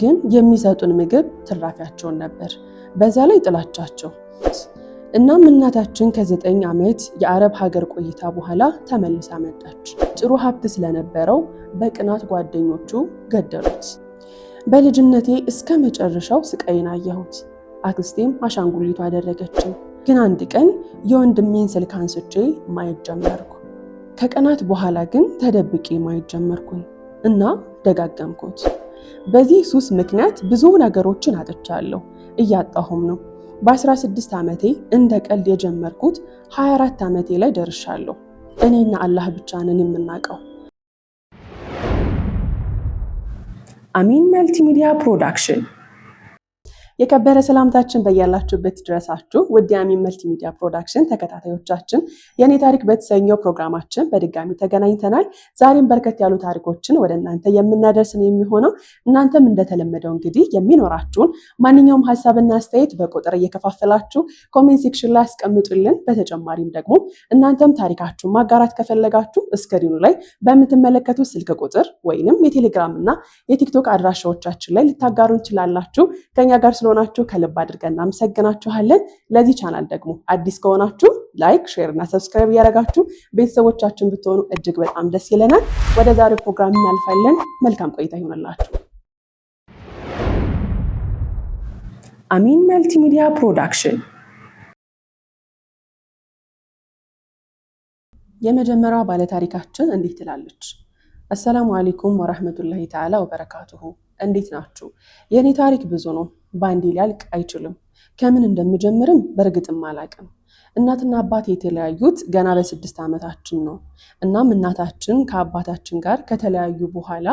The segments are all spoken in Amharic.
ግን የሚሰጡን ምግብ ትራፊያቸውን ነበር። በዛ ላይ ጥላቻቸው። እናም እናታችን ከዘጠኝ ዓመት የአረብ ሀገር ቆይታ በኋላ ተመልሳ መጣች። ጥሩ ሀብት ስለነበረው በቅናት ጓደኞቹ ገደሉት። በልጅነቴ እስከ መጨረሻው ስቃይን አየሁት። አክስቴም አሻንጉሊቱ አደረገችው። ግን አንድ ቀን የወንድሜን ስልክ አንስቼ ማየት ጀመርኩ። ከቀናት በኋላ ግን ተደብቄ ማየት ጀመርኩኝ እና ደጋገምኩት። በዚህ ሱስ ምክንያት ብዙ ነገሮችን አጥቻለሁ፣ እያጣሁም ነው። በ16 ዓመቴ እንደ ቀልድ የጀመርኩት 24 ዓመቴ ላይ ደርሻለሁ። እኔና አላህ ብቻ ነን የምናውቀው። አሚን መልቲሚዲያ ፕሮዳክሽን የከበረ ሰላምታችን በያላችሁበት ድረሳችሁ ውድ የአሚን መልቲ ሚዲያ ፕሮዳክሽን ተከታታዮቻችን የእኔ ታሪክ በተሰኘው ፕሮግራማችን በድጋሚ ተገናኝተናል። ዛሬም በርከት ያሉ ታሪኮችን ወደ እናንተ የምናደርስን የሚሆነው እናንተም እንደተለመደው እንግዲህ የሚኖራችሁን ማንኛውም ሀሳብና አስተያየት በቁጥር እየከፋፈላችሁ ኮሜንት ሴክሽን ላይ አስቀምጡልን። በተጨማሪም ደግሞ እናንተም ታሪካችሁን ማጋራት ከፈለጋችሁ እስክሪኑ ላይ በምትመለከቱት ስልክ ቁጥር ወይንም የቴሌግራም እና የቲክቶክ አድራሻዎቻችን ላይ ልታጋሩ እንችላላችሁ ከኛ ጋር ስለሆናችሁ ከልብ አድርገን እናመሰግናችኋለን። ለዚህ ቻናል ደግሞ አዲስ ከሆናችሁ ላይክ፣ ሼር እና ሰብስክራይብ እያደረጋችሁ ቤተሰቦቻችን ብትሆኑ እጅግ በጣም ደስ ይለናል። ወደ ዛሬው ፕሮግራም እናልፋለን። መልካም ቆይታ ይሆንላችሁ። አሚን መልቲሚዲያ ፕሮዳክሽን የመጀመሪያዋ ባለታሪካችን እንዲህ ትላለች። አሰላሙ አሌይኩም ወረህመቱላሂ ተዓላ ወበረካቱሁ። እንዴት ናችሁ? የእኔ ታሪክ ብዙ ነው። በአንዴ ሊያልቅ አይችልም። ከምን እንደምጀምርም በእርግጥም አላቅም። እናትና አባት የተለያዩት ገና በስድስት ዓመታችን ነው። እናም እናታችን ከአባታችን ጋር ከተለያዩ በኋላ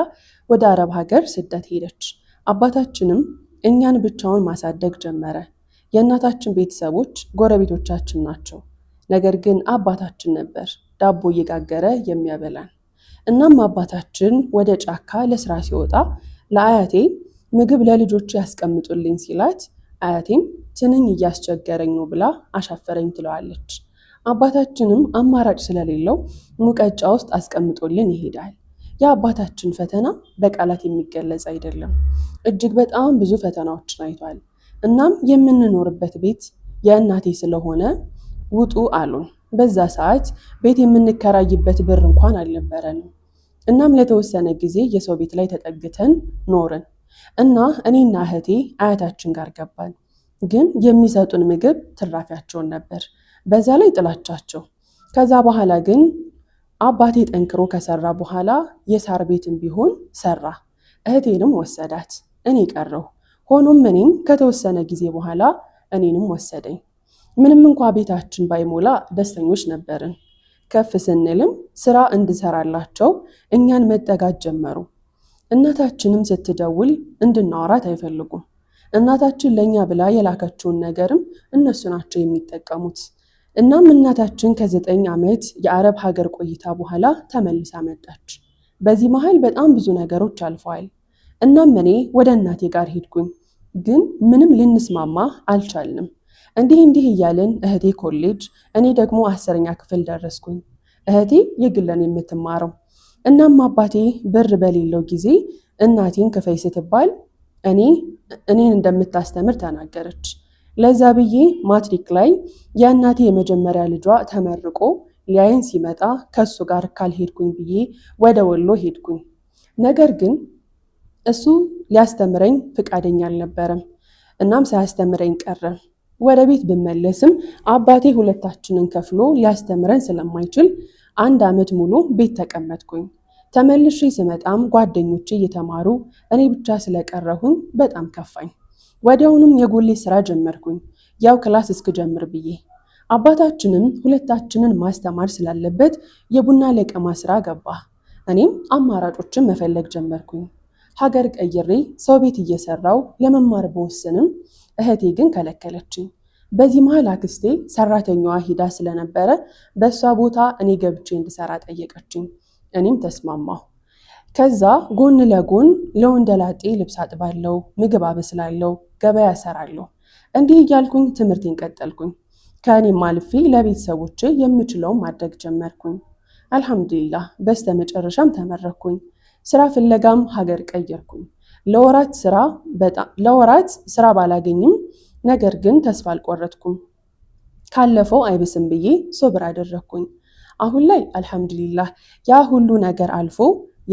ወደ አረብ ሀገር ስደት ሄደች። አባታችንም እኛን ብቻውን ማሳደግ ጀመረ። የእናታችን ቤተሰቦች ጎረቤቶቻችን ናቸው። ነገር ግን አባታችን ነበር ዳቦ እየጋገረ የሚያበላን። እናም አባታችን ወደ ጫካ ለስራ ሲወጣ ለአያቴ ምግብ ለልጆች ያስቀምጡልኝ ሲላት አያቴም ትንኝ እያስቸገረኝ ነው ብላ አሻፈረኝ ትለዋለች። አባታችንም አማራጭ ስለሌለው ሙቀጫ ውስጥ አስቀምጦልን ይሄዳል። የአባታችን ፈተና በቃላት የሚገለጽ አይደለም። እጅግ በጣም ብዙ ፈተናዎችን አይቷል። እናም የምንኖርበት ቤት የእናቴ ስለሆነ ውጡ አሉን። በዛ ሰዓት ቤት የምንከራይበት ብር እንኳን አልነበረንም። እናም ለተወሰነ ጊዜ የሰው ቤት ላይ ተጠግተን ኖርን። እና እኔና እህቴ አያታችን ጋር ገባን። ግን የሚሰጡን ምግብ ትራፊያቸውን ነበር፣ በዛ ላይ ጥላቻቸው። ከዛ በኋላ ግን አባቴ ጠንክሮ ከሰራ በኋላ የሳር ቤትም ቢሆን ሰራ። እህቴንም ወሰዳት፣ እኔ ቀረሁ። ሆኖም እኔም ከተወሰነ ጊዜ በኋላ እኔንም ወሰደኝ። ምንም እንኳ ቤታችን ባይሞላ ደስተኞች ነበርን። ከፍ ስንልም ስራ እንድሰራላቸው እኛን መጠጋት ጀመሩ። እናታችንም ስትደውል እንድናወራት አይፈልጉም። እናታችን ለእኛ ብላ የላከችውን ነገርም እነሱ ናቸው የሚጠቀሙት። እናም እናታችን ከዘጠኝ ዓመት የአረብ ሀገር ቆይታ በኋላ ተመልሳ መጣች። በዚህ መሀል በጣም ብዙ ነገሮች አልፈዋል። እናም እኔ ወደ እናቴ ጋር ሄድኩኝ፣ ግን ምንም ልንስማማ አልቻልንም። እንዲህ እንዲህ እያልን እህቴ ኮሌጅ፣ እኔ ደግሞ አስረኛ ክፍል ደረስኩኝ። እህቴ የግለን የምትማረው እናም አባቴ ብር በሌለው ጊዜ እናቴን ክፈይ ስትባል እኔ እኔን እንደምታስተምር ተናገረች። ለዛ ብዬ ማትሪክ ላይ የእናቴ የመጀመሪያ ልጇ ተመርቆ ሊያይን ሲመጣ ከእሱ ጋር ካልሄድኩኝ ብዬ ወደ ወሎ ሄድኩኝ። ነገር ግን እሱ ሊያስተምረኝ ፍቃደኛ አልነበረም። እናም ሳያስተምረኝ ቀረ። ወደ ቤት ብመለስም አባቴ ሁለታችንን ከፍሎ ሊያስተምረን ስለማይችል አንድ ዓመት ሙሉ ቤት ተቀመጥኩኝ። ተመልሼ ስመጣም ጓደኞቼ እየተማሩ እኔ ብቻ ስለቀረሁኝ በጣም ከፋኝ። ወዲያውኑም የጎሌ ስራ ጀመርኩኝ፣ ያው ክላስ እስክጀምር ብዬ። አባታችንም ሁለታችንን ማስተማር ስላለበት የቡና ለቀማ ስራ ገባ። እኔም አማራጮችን መፈለግ ጀመርኩኝ። ሀገር ቀይሬ ሰው ቤት እየሰራው ለመማር በወስንም እህቴ ግን ከለከለችኝ። በዚህ መሀል አክስቴ ሰራተኛዋ ሂዳ ስለነበረ በእሷ ቦታ እኔ ገብቼ እንድሰራ ጠየቀችኝ። እኔም ተስማማሁ። ከዛ ጎን ለጎን ለወንደላጤ ልብስ አጥባለው፣ ምግብ አበስላለው፣ ገበያ እሰራለሁ። እንዲህ እያልኩኝ ትምህርቴን ቀጠልኩኝ። ከእኔም አልፌ ለቤተሰቦቼ የምችለውን ማድረግ ጀመርኩኝ። አልሐምዱሊላህ በስተ መጨረሻም ተመረኩኝ። ስራ ፍለጋም ሀገር ቀየርኩኝ። ለወራት ስራ ባላገኝም ነገር ግን ተስፋ አልቆረጥኩም። ካለፈው አይብስም ብዬ ሶብር አደረግኩኝ። አሁን ላይ አልሐምዱሊላህ ያ ሁሉ ነገር አልፎ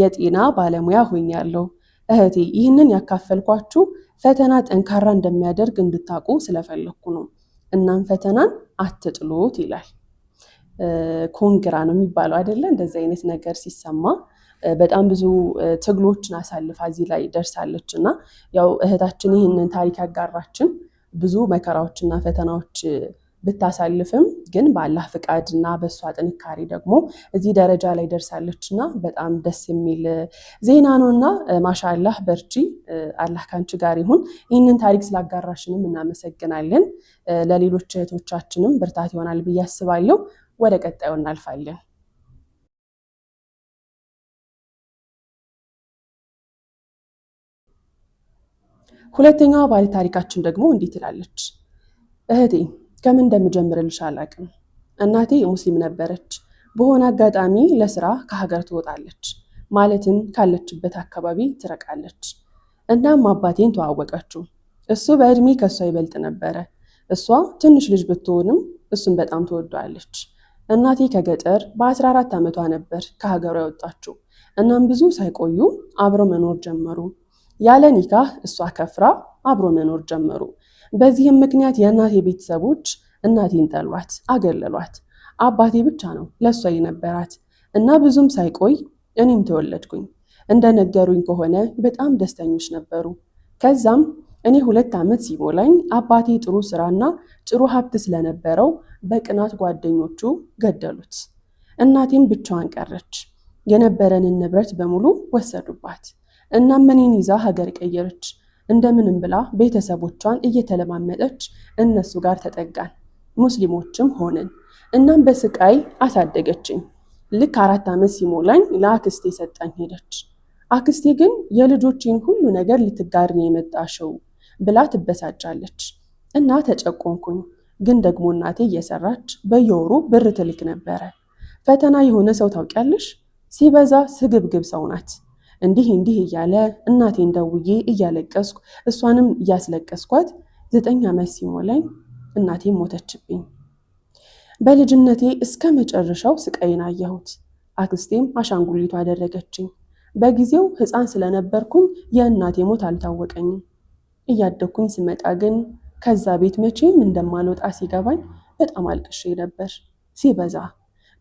የጤና ባለሙያ ሆኛለሁ። እህቴ ይህንን ያካፈልኳችሁ ፈተና ጠንካራ እንደሚያደርግ እንድታቁ ስለፈለግኩ ነው። እናም ፈተናን አትጥሉት ይላል። ኮንግራ ነው የሚባለው አይደለ? እንደዚህ አይነት ነገር ሲሰማ በጣም ብዙ ትግሎችን አሳልፋ እዚህ ላይ ደርሳለች እና ያው እህታችን ይህንን ታሪክ ያጋራችን ብዙ መከራዎችና ፈተናዎች ብታሳልፍም ግን በአላህ ፍቃድ እና በእሷ ጥንካሬ ደግሞ እዚህ ደረጃ ላይ ደርሳለች እና በጣም ደስ የሚል ዜና ነው እና ማሻላህ በርቺ፣ አላህ ካንቺ ጋር ይሁን። ይህንን ታሪክ ስላጋራሽንም እናመሰግናለን። ለሌሎች እህቶቻችንም ብርታት ይሆናል ብዬ አስባለሁ። ወደ ቀጣዩ እናልፋለን። ሁለተኛዋ ባለ ታሪካችን ደግሞ እንዲህ ትላለች። እህቴ ከምን እንደምጀምርልሽ አላቅም። እናቴ ሙስሊም ነበረች። በሆነ አጋጣሚ ለስራ ከሀገር ትወጣለች፣ ማለትም ካለችበት አካባቢ ትረቃለች። እናም አባቴን ተዋወቀችው። እሱ በእድሜ ከእሷ ይበልጥ ነበረ። እሷ ትንሽ ልጅ ብትሆንም እሱን በጣም ትወደዋለች። እናቴ ከገጠር በ14 ዓመቷ ነበር ከሀገሯ የወጣችው እናም ብዙ ሳይቆዩ አብረው መኖር ጀመሩ። ያለ ኒካህ እሷ ከፍራ አብሮ መኖር ጀመሩ። በዚህም ምክንያት የእናቴ ቤተሰቦች እናቴን ጠሏት፣ አገለሏት። አባቴ ብቻ ነው ለእሷ የነበራት እና ብዙም ሳይቆይ እኔም ተወለድኩኝ። እንደነገሩኝ ከሆነ በጣም ደስተኞች ነበሩ። ከዛም እኔ ሁለት ዓመት ሲሞላኝ አባቴ ጥሩ ስራና ጥሩ ሀብት ስለነበረው በቅናት ጓደኞቹ ገደሉት። እናቴም ብቻዋን ቀረች። የነበረንን ንብረት በሙሉ ወሰዱባት። እናም እኔን ይዛ ሀገር ቀየረች። እንደምንም ብላ ቤተሰቦቿን እየተለማመጠች እነሱ ጋር ተጠጋን፣ ሙስሊሞችም ሆንን። እናም በስቃይ አሳደገችኝ። ልክ አራት ዓመት ሲሞላኝ ለአክስቴ ሰጣኝ ሄደች። አክስቴ ግን የልጆችን ሁሉ ነገር ልትጋርን የመጣሽው ብላ ትበሳጫለች እና ተጨቆንኩኝ። ግን ደግሞ እናቴ እየሰራች በየወሩ ብር ትልክ ነበረ። ፈተና የሆነ ሰው ታውቂያለሽ? ሲበዛ ስግብግብ ሰው ናት። እንዲህ እንዲህ እያለ እናቴን ደውዬ እያለቀስኩ እሷንም እያስለቀስኳት ዘጠኝ ዓመት ሲሞላኝ እናቴ ሞተችብኝ። በልጅነቴ እስከ መጨረሻው ስቃይን አየሁት። አክስቴም አሻንጉሊቱ አደረገችኝ። በጊዜው ሕፃን ስለነበርኩኝ የእናቴ ሞት አልታወቀኝም። እያደግኩኝ ስመጣ ግን ከዛ ቤት መቼም እንደማልወጣ ሲገባኝ በጣም አልቅሼ ነበር። ሲበዛ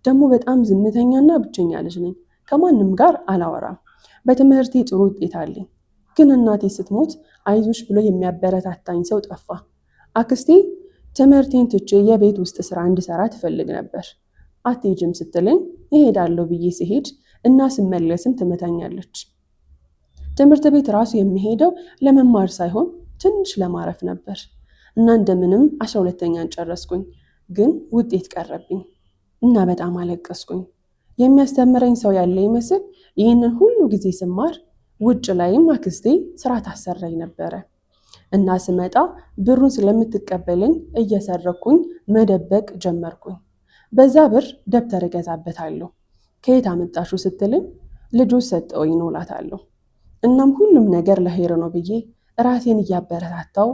ደግሞ በጣም ዝምተኛና ብቸኛ ልጅ ነኝ። ከማንም ጋር አላወራም። በትምህርቴ ጥሩ ውጤት አለኝ። ግን እናቴ ስትሞት አይዞሽ ብሎ የሚያበረታታኝ ሰው ጠፋ። አክስቴ ትምህርቴን ትቼ የቤት ውስጥ ስራ እንድሰራ ትፈልግ ነበር። አትሄጂም ስትለኝ እሄዳለሁ ብዬ ስሄድ እና ስመለስም ትመታኛለች። ትምህርት ቤት ራሱ የሚሄደው ለመማር ሳይሆን ትንሽ ለማረፍ ነበር እና እንደምንም አስራ ሁለተኛን ጨረስኩኝ። ግን ውጤት ቀረብኝ እና በጣም አለቀስኩኝ። የሚያስተምረኝ ሰው ያለ ይመስል ይህንን ሁሉ ጊዜ ስማር ውጭ ላይም አክስቴ ስራ ታሰራኝ ነበረ እና ስመጣ ብሩን ስለምትቀበልኝ እየሰረኩኝ መደበቅ ጀመርኩኝ። በዛ ብር ደብተር እገዛበታለሁ። ከየት አመጣሹ ስትልኝ ልጆች ሰጠውኝ ነው እላታለሁ። እናም ሁሉም ነገር ለኸይር ነው ብዬ ራሴን እያበረታታው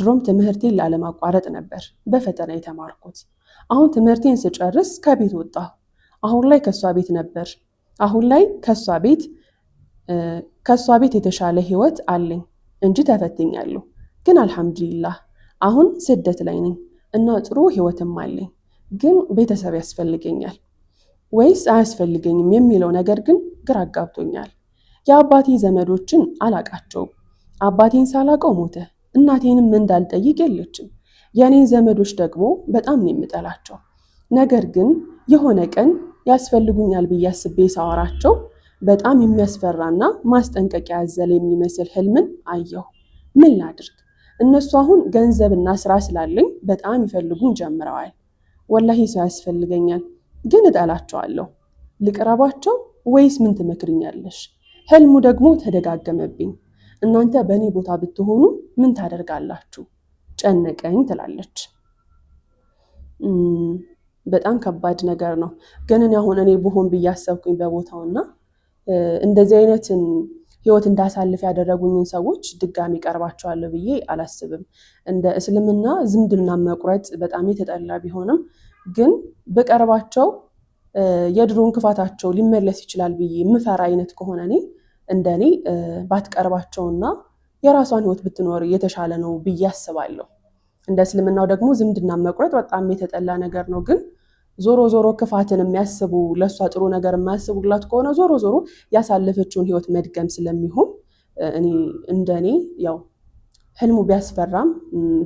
ድሮም ትምህርቴን ላለማቋረጥ ነበር በፈተና የተማርኩት። አሁን ትምህርቴን ስጨርስ ከቤት ወጣሁ። አሁን ላይ ከእሷ ቤት ነበር። አሁን ላይ ከእሷ ቤት ከእሷ ቤት የተሻለ ህይወት አለኝ እንጂ ተፈትኛለሁ። ግን አልሐምዱሊላህ አሁን ስደት ላይ ነኝ እና ጥሩ ህይወትም አለኝ። ግን ቤተሰብ ያስፈልገኛል ወይስ አያስፈልገኝም የሚለው ነገር ግን ግራ አጋብቶኛል። የአባቴ ዘመዶችን አላቃቸውም። አባቴን ሳላቀው ሞተ። እናቴንም እንዳልጠይቅ የለችም። የእኔን ዘመዶች ደግሞ በጣም ነው የምጠላቸው ነገር ግን የሆነ ቀን ያስፈልጉኛል ብዬ አስቤ ሳወራቸው በጣም የሚያስፈራና ማስጠንቀቂያ ያዘለ የሚመስል ህልምን አየሁ። ምን ላድርግ? እነሱ አሁን ገንዘብና ስራ ስላለኝ በጣም ይፈልጉኝ ጀምረዋል። ወላሂ ሰው ያስፈልገኛል፣ ግን እጠላቸዋለሁ። ልቅረባቸው ወይስ ምን ትመክርኛለሽ? ህልሙ ደግሞ ተደጋገመብኝ። እናንተ በእኔ ቦታ ብትሆኑ ምን ታደርጋላችሁ? ጨነቀኝ ትላለች። በጣም ከባድ ነገር ነው። ግን እኔ አሁን እኔ ብሆን ብዬ አሰብኩኝ በቦታው እና እንደዚህ አይነትን ህይወት እንዳሳልፍ ያደረጉኝን ሰዎች ድጋሚ ቀርባቸዋለሁ ብዬ አላስብም። እንደ እስልምና ዝምድና መቁረጥ በጣም የተጠላ ቢሆንም ግን በቀርባቸው የድሮ እንክፋታቸው ሊመለስ ይችላል ብዬ የምፈራ አይነት ከሆነ እኔ እንደኔ ባትቀርባቸውና የራሷን ህይወት ብትኖር የተሻለ ነው ብዬ አስባለሁ። እንደ እስልምናው ደግሞ ዝምድና መቁረጥ በጣም የተጠላ ነገር ነው። ግን ዞሮ ዞሮ ክፋትን የሚያስቡ ለእሷ ጥሩ ነገር የማያስቡላት ከሆነ ዞሮ ዞሮ ያሳለፈችውን ህይወት መድገም ስለሚሆን እንደኔ ያው ህልሙ ቢያስፈራም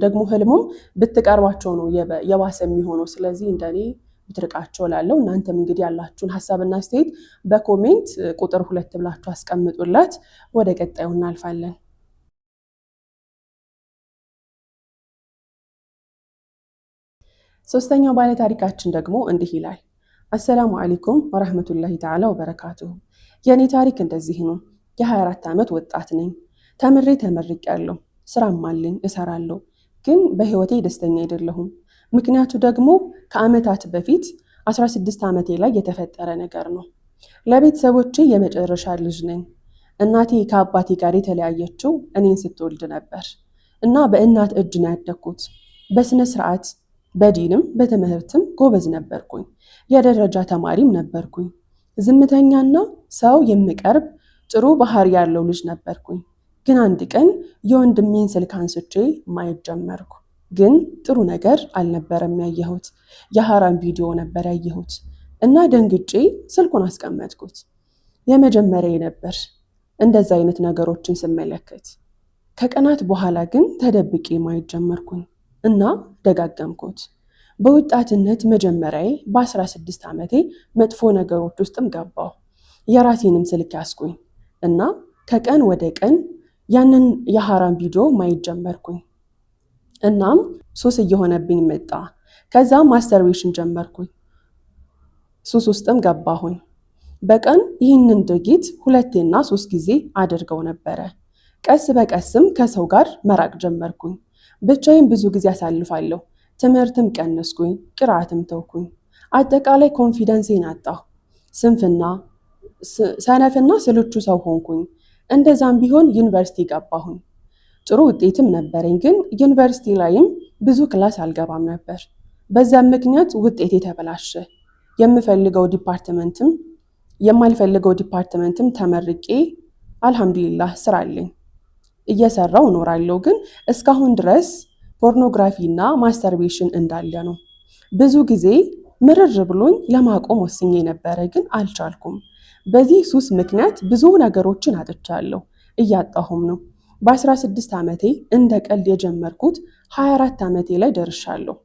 ደግሞ ህልሙም ብትቀርባቸው ነው የባሰ የሚሆነው። ስለዚህ እንደኔ ብትርቃቸው ላለው እናንተም እንግዲህ ያላችሁን ሀሳብና አስተያየት በኮሜንት ቁጥር ሁለት ብላችሁ አስቀምጡላት። ወደ ቀጣዩ እናልፋለን። ሶስተኛው ባለ ታሪካችን ደግሞ እንዲህ ይላል። አሰላሙ አለይኩም ወራህመቱላሂ ተዓላ ወበረካቱሁ። የእኔ ታሪክ እንደዚህ ነው። የ24 ዓመት ወጣት ነኝ። ተምሬ ተመርቅ ያለው ስራም አለኝ እሰራለሁ፣ ግን በህይወቴ ደስተኛ አይደለሁም። ምክንያቱ ደግሞ ከአመታት በፊት 16 ዓመቴ ላይ የተፈጠረ ነገር ነው። ለቤተሰቦቼ የመጨረሻ ልጅ ነኝ። እናቴ ከአባቴ ጋር የተለያየችው እኔን ስትወልድ ነበር እና በእናት እጅ ነው ያደግኩት። በስነ ስርዓት በዲንም በትምህርትም ጎበዝ ነበርኩኝ። የደረጃ ተማሪም ነበርኩኝ። ዝምተኛና ሰው የምቀርብ ጥሩ ባህሪ ያለው ልጅ ነበርኩኝ። ግን አንድ ቀን የወንድሜን ስልክ አንስቼ ማየት ጀመርኩ። ግን ጥሩ ነገር አልነበረም ያየሁት። የሐራም ቪዲዮ ነበር ያየሁት እና ደንግጬ ስልኩን አስቀመጥኩት። የመጀመሪያ ነበር እንደዛ አይነት ነገሮችን ስመለከት። ከቀናት በኋላ ግን ተደብቄ ማየት ጀመርኩኝ። እና ደጋገምኩት። በወጣትነት መጀመሪያዬ በ16 ዓመቴ መጥፎ ነገሮች ውስጥም ገባሁ። የራሴንም ስልክ ያስኩኝ እና ከቀን ወደ ቀን ያንን የሐራም ቪዲዮ ማየት ጀመርኩኝ። እናም ሱስ እየሆነብኝ መጣ። ከዛ ማስተርቤሽን ጀመርኩኝ። ሱስ ውስጥም ገባሁኝ። በቀን ይህንን ድርጊት ሁለቴና ሶስት ጊዜ አድርገው ነበረ። ቀስ በቀስም ከሰው ጋር መራቅ ጀመርኩኝ። ብቻዬን ብዙ ጊዜ አሳልፋለሁ። ትምህርትም ቀነስኩኝ፣ ቅርአትም ተውኩኝ። አጠቃላይ ኮንፊደንሴን አጣሁ። ስንፍና ሰነፍና ስልቹ ሰው ሆንኩኝ። እንደዛም ቢሆን ዩኒቨርሲቲ ገባሁኝ። ጥሩ ውጤትም ነበረኝ፣ ግን ዩኒቨርሲቲ ላይም ብዙ ክላስ አልገባም ነበር። በዛም ምክንያት ውጤት ተበላሸ። የምፈልገው ዲፓርትመንትም የማልፈልገው ዲፓርትመንትም ተመርቄ አልሐምዱሊላህ ስራ አለኝ። እየሰራው እኖራለሁ። ግን እስካሁን ድረስ ፖርኖግራፊ እና ማስተርቤሽን እንዳለ ነው። ብዙ ጊዜ ምርር ብሎኝ ለማቆም ወስኜ ነበረ፣ ግን አልቻልኩም። በዚህ ሱስ ምክንያት ብዙ ነገሮችን አጥቻለሁ፣ እያጣሁም ነው። በ16 ዓመቴ እንደ ቀልድ የጀመርኩት 24 ዓመቴ ላይ ደርሻለሁ።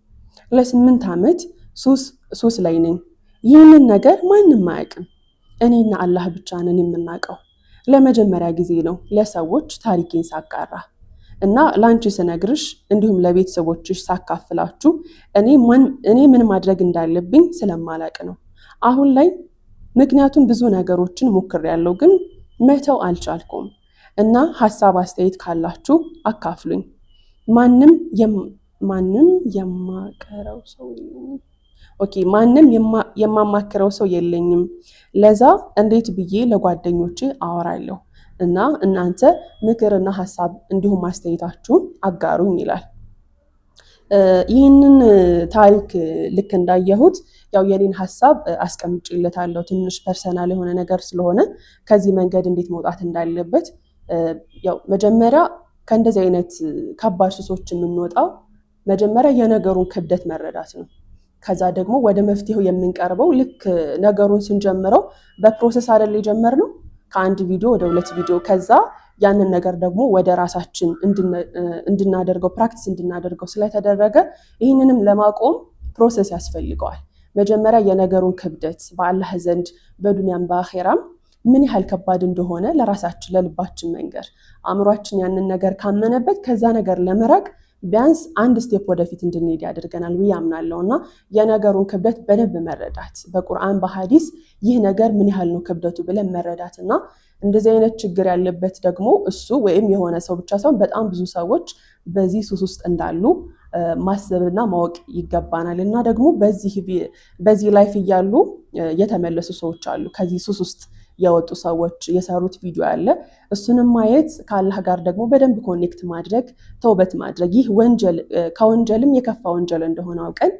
8 ዓመት ሱስ ሱስ ላይ ነኝ። ይህንን ነገር ማንም አያውቅም። እኔና አላህ ብቻ ነን የምናውቀው። ለመጀመሪያ ጊዜ ነው ለሰዎች ታሪኬን ሳጋራ እና ላንቺ ስነግርሽ እንዲሁም ለቤተሰቦችሽ ሳካፍላችሁ እኔ ምን ማድረግ እንዳለብኝ ስለማላቅ ነው። አሁን ላይ ምክንያቱም ብዙ ነገሮችን ሞክሬያለሁ፣ ግን መተው አልቻልኩም እና ሀሳብ አስተያየት ካላችሁ አካፍሉኝ። ማንም ማንም የማቀረው ሰው ኦኬ ማንም የማማክረው ሰው የለኝም። ለዛ እንዴት ብዬ ለጓደኞች አወራለሁ እና እናንተ ምክርና ሀሳብ እንዲሁም ማስተያየታችሁን አጋሩኝ ይላል። ይህንን ታሪክ ልክ እንዳየሁት ያው የኔን ሀሳብ አስቀምጬለታለሁ። ትንሽ ፐርሰናል የሆነ ነገር ስለሆነ ከዚህ መንገድ እንዴት መውጣት እንዳለበት ያው መጀመሪያ ከእንደዚህ አይነት ከባድ ሱሶች የምንወጣው መጀመሪያ የነገሩን ክብደት መረዳት ነው። ከዛ ደግሞ ወደ መፍትሄው የምንቀርበው ልክ ነገሩን ስንጀምረው በፕሮሰስ አይደል የጀመርነው ከአንድ ቪዲዮ ወደ ሁለት ቪዲዮ ከዛ ያንን ነገር ደግሞ ወደ ራሳችን እንድናደርገው ፕራክቲስ እንድናደርገው ስለተደረገ ይህንንም ለማቆም ፕሮሰስ ያስፈልገዋል። መጀመሪያ የነገሩን ክብደት በአላህ ዘንድ በዱንያም በአኼራም ምን ያህል ከባድ እንደሆነ ለራሳችን ለልባችን መንገር፣ አእምሯችን ያንን ነገር ካመነበት ከዛ ነገር ለመራቅ ቢያንስ አንድ ስቴፕ ወደፊት እንድንሄድ ያደርገናል ብዬ አምናለሁ እና የነገሩን ክብደት በደንብ መረዳት በቁርአን በሀዲስ ይህ ነገር ምን ያህል ነው ክብደቱ ብለን መረዳት እና እንደዚህ አይነት ችግር ያለበት ደግሞ እሱ ወይም የሆነ ሰው ብቻ ሳይሆን በጣም ብዙ ሰዎች በዚህ ሱስ ውስጥ እንዳሉ ማሰብና ማወቅ ይገባናል። እና ደግሞ በዚህ ላይፍ እያሉ የተመለሱ ሰዎች አሉ ከዚህ ሱስ ውስጥ የወጡ ሰዎች የሰሩት ቪዲዮ አለ። እሱንም ማየት ከአላህ ጋር ደግሞ በደንብ ኮኔክት ማድረግ ተውበት ማድረግ ይህ ወንጀል ከወንጀልም የከፋ ወንጀል እንደሆነ አውቀን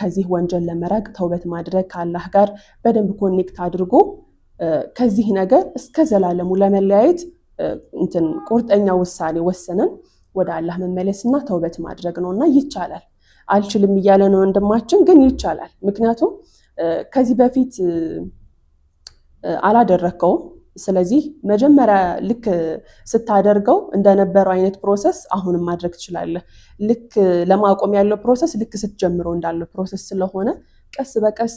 ከዚህ ወንጀል ለመራቅ ተውበት ማድረግ ከአላህ ጋር በደንብ ኮኔክት አድርጎ ከዚህ ነገር እስከ ዘላለሙ ለመለያየት እንትን ቁርጠኛ ውሳኔ ወሰነን ወደ አላህ መመለስና ተውበት ማድረግ ነው እና ይቻላል። አልችልም እያለ ነው ወንድማችን፣ ግን ይቻላል። ምክንያቱም ከዚህ በፊት አላደረግከውም። ስለዚህ መጀመሪያ ልክ ስታደርገው እንደነበረው አይነት ፕሮሰስ አሁንም ማድረግ ትችላለህ። ልክ ለማቆም ያለው ፕሮሰስ ልክ ስትጀምረው እንዳለው ፕሮሰስ ስለሆነ ቀስ በቀስ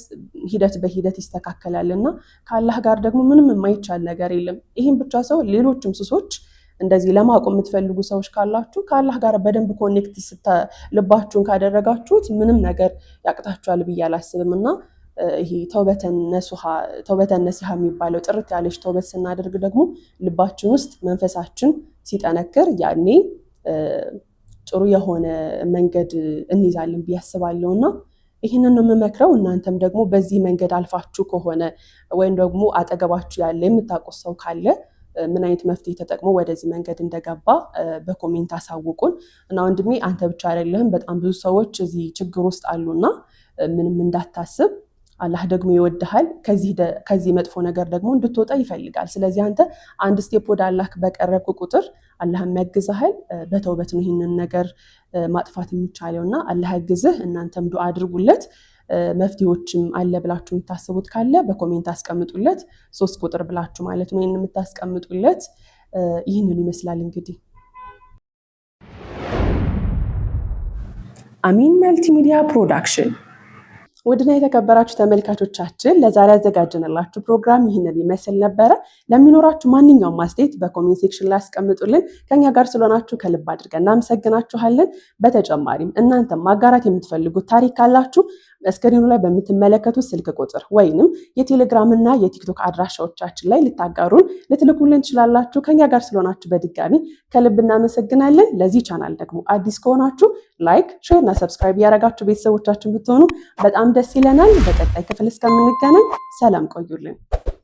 ሂደት በሂደት ይስተካከላል እና ከአላህ ጋር ደግሞ ምንም የማይቻል ነገር የለም። ይህም ብቻ ሰው ሌሎችም ሱሶች እንደዚህ ለማቆም የምትፈልጉ ሰዎች ካላችሁ ከአላህ ጋር በደንብ ኮኔክት ልባችሁን ካደረጋችሁት ምንም ነገር ያቅታችኋል ብዬ አላስብም እና ይሄ ተውበተ ነሲሃ የሚባለው ጥርት ያለች ተውበት ስናደርግ ደግሞ ልባችን ውስጥ መንፈሳችን ሲጠነክር ያኔ ጥሩ የሆነ መንገድ እንይዛለን ብዬ አስባለሁ እና ይህንን ነው የምመክረው። እናንተም ደግሞ በዚህ መንገድ አልፋችሁ ከሆነ ወይም ደግሞ አጠገባችሁ ያለ የምታውቁት ሰው ካለ ምን አይነት መፍትሄ ተጠቅሞ ወደዚህ መንገድ እንደገባ በኮሜንት አሳውቁን እና ወንድሜ አንተ ብቻ አይደለህም፣ በጣም ብዙ ሰዎች እዚህ ችግር ውስጥ አሉና ምንም እንዳታስብ አላህ ደግሞ ይወድሃል። ከዚህ መጥፎ ነገር ደግሞ እንድትወጣ ይፈልጋል። ስለዚህ አንተ አንድ ስቴፕ ወደ አላህ በቀረብክ ቁጥር አላህ የሚያግዝሃል። በተውበት ነው ይህንን ነገር ማጥፋት የሚቻለው እና አላህ ያግዝህ። እናንተም ዱዓ አድርጉለት። መፍትሄዎችም አለ ብላችሁ የምታስቡት ካለ በኮሜንት አስቀምጡለት። ሶስት ቁጥር ብላችሁ ማለት ነው ይህን የምታስቀምጡለት። ይህንን ይመስላል እንግዲህ አሚን መልቲሚዲያ ፕሮዳክሽን ውድና የተከበራችሁ ተመልካቾቻችን ለዛሬ ያዘጋጀንላችሁ ፕሮግራም ይህንን ይመስል ነበረ። ለሚኖራችሁ ማንኛውም አስተያየት በኮሜንት ሴክሽን ላይ ያስቀምጡልን። ከኛ ጋር ስለሆናችሁ ከልብ አድርገን እናመሰግናችኋለን። በተጨማሪም እናንተም ማጋራት የምትፈልጉት ታሪክ ካላችሁ እስክሪኑ ላይ በምትመለከቱት ስልክ ቁጥር ወይንም የቴሌግራም እና የቲክቶክ አድራሻዎቻችን ላይ ልታጋሩን ልትልኩልን ትችላላችሁ። ከኛ ጋር ስለሆናችሁ በድጋሚ ከልብ እናመሰግናለን። ለዚህ ቻናል ደግሞ አዲስ ከሆናችሁ ላይክ፣ ሼር እና ሰብስክራይብ እያደረጋችሁ ቤተሰቦቻችን ብትሆኑ በጣም ደስ ይለናል። በቀጣይ ክፍል እስከምንገናኝ ሰላም ቆዩልን።